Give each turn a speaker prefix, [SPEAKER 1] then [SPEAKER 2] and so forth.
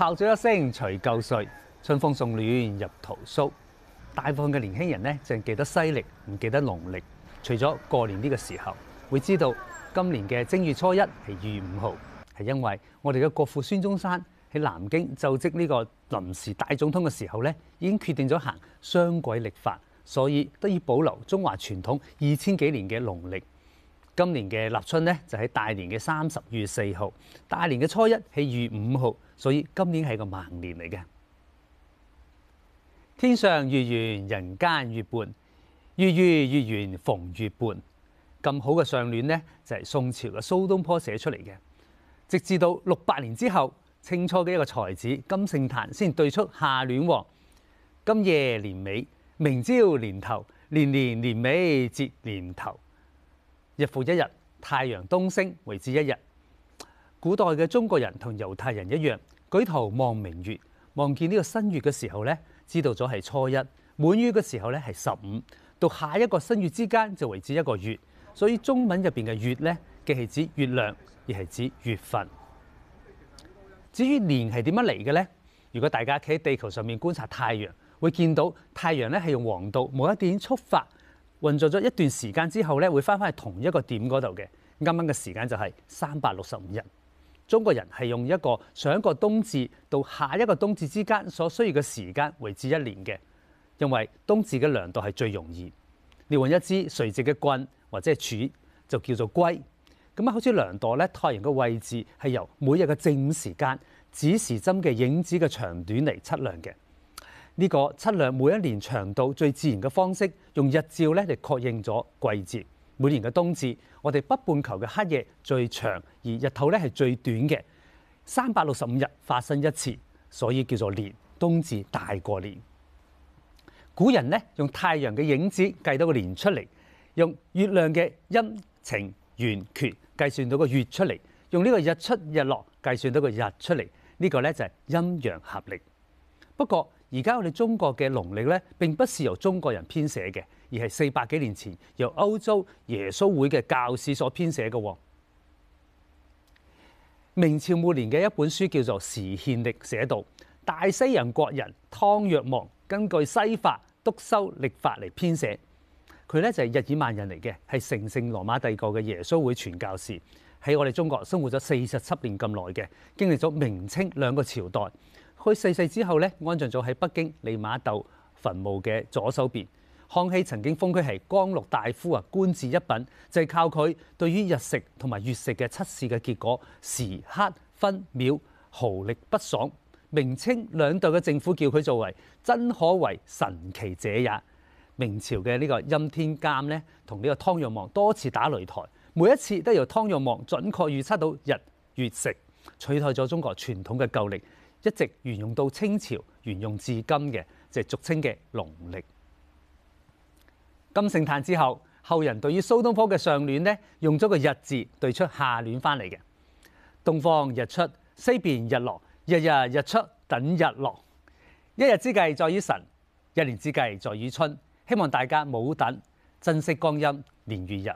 [SPEAKER 1] 炮咗一聲除舊歲，春風送暖入屠蘇。大部分嘅年輕人呢，淨係記得西曆，唔記得農曆。除咗過年呢個時候，會知道今年嘅正月初一係二月五號，係因為我哋嘅國父孫中山喺南京就職呢個臨時大總統嘅時候呢，已經決定咗行雙軌曆法，所以得以保留中華傳統二千幾年嘅農曆。今年嘅立春呢就喺大年嘅三十月四號，大年嘅初一係二月五號，所以今年係個盲年嚟嘅。天上月圓，人間月半，月月月圓逢月半，咁好嘅上聯呢就係宋朝嘅蘇東坡寫出嚟嘅。直至到六百年之後，清初嘅一個才子金聖嘆先對出下聯：今夜年尾，明朝年頭，年年年尾接年頭。日復一日，太陽東升為之一日。古代嘅中國人同猶太人一樣，舉頭望明月，望見呢個新月嘅時候呢，知道咗係初一；滿月嘅時候呢，係十五。到下一個新月之間就為之一個月。所以中文入邊嘅月呢，既係指月亮，亦係指月份。至於年係點樣嚟嘅呢？如果大家企喺地球上面觀察太陽，會見到太陽呢係用黃道某一點觸發。運作咗一段時間之後咧，會翻返去同一個點嗰度嘅。啱啱嘅時間就係三百六十五日。中國人係用一個上一個冬至到下一個冬至之間所需要嘅時間為止一年嘅，因為冬至嘅量度係最容易。你揾一支垂直嘅棍或者柱，就叫做圭。咁啊，好似量度咧，太陽嘅位置係由每日嘅正午時間指時針嘅影子嘅長短嚟測量嘅。呢個測量每一年長度最自然嘅方式，用日照咧嚟確認咗季節。每年嘅冬至，我哋北半球嘅黑夜最長，而日頭咧係最短嘅。三百六十五日發生一次，所以叫做年。冬至大過年。古人咧用太陽嘅影子計到個年出嚟，用月亮嘅陰晴圓缺計算到個月出嚟，用呢個日出日落計算到個日出嚟。這個、呢個咧就係陰陽合力。不過而家我哋中國嘅農曆咧，並不是由中國人編寫嘅，而係四百幾年前由歐洲耶穌會嘅教士所編寫嘅。明朝末年嘅一本書叫做《時憲歷》，寫道，大西洋國人湯若望根據西法篤修歷法嚟編寫。佢咧就係日耳曼人嚟嘅，係神聖羅馬帝國嘅耶穌會傳教士，喺我哋中國生活咗四十七年咁耐嘅，經歷咗明清兩個朝代。佢逝世，世之後咧，安葬咗喺北京利瑪竇墳墓嘅左手邊。康熙曾經封佢係光祿大夫啊，官至一品，就係、是、靠佢對於日食同埋月食嘅測試嘅結果，時刻分秒毫釐不爽。明清兩代嘅政府叫佢作為真可謂神奇者也。明朝嘅呢個欽天監呢，同呢個湯若望多次打擂台，每一次都由湯若望準確預測到日月食，取代咗中國傳統嘅舊曆。一直沿用到清朝，沿用至今嘅即係俗稱嘅農曆。金聖嘆之後，後人對於蘇東坡嘅上聯呢，用咗個日字對出下聯翻嚟嘅。東方日出，西邊日落，日日日出等日落。一日之計在於晨，一年之計在於春。希望大家冇等，珍惜光陰，年月日。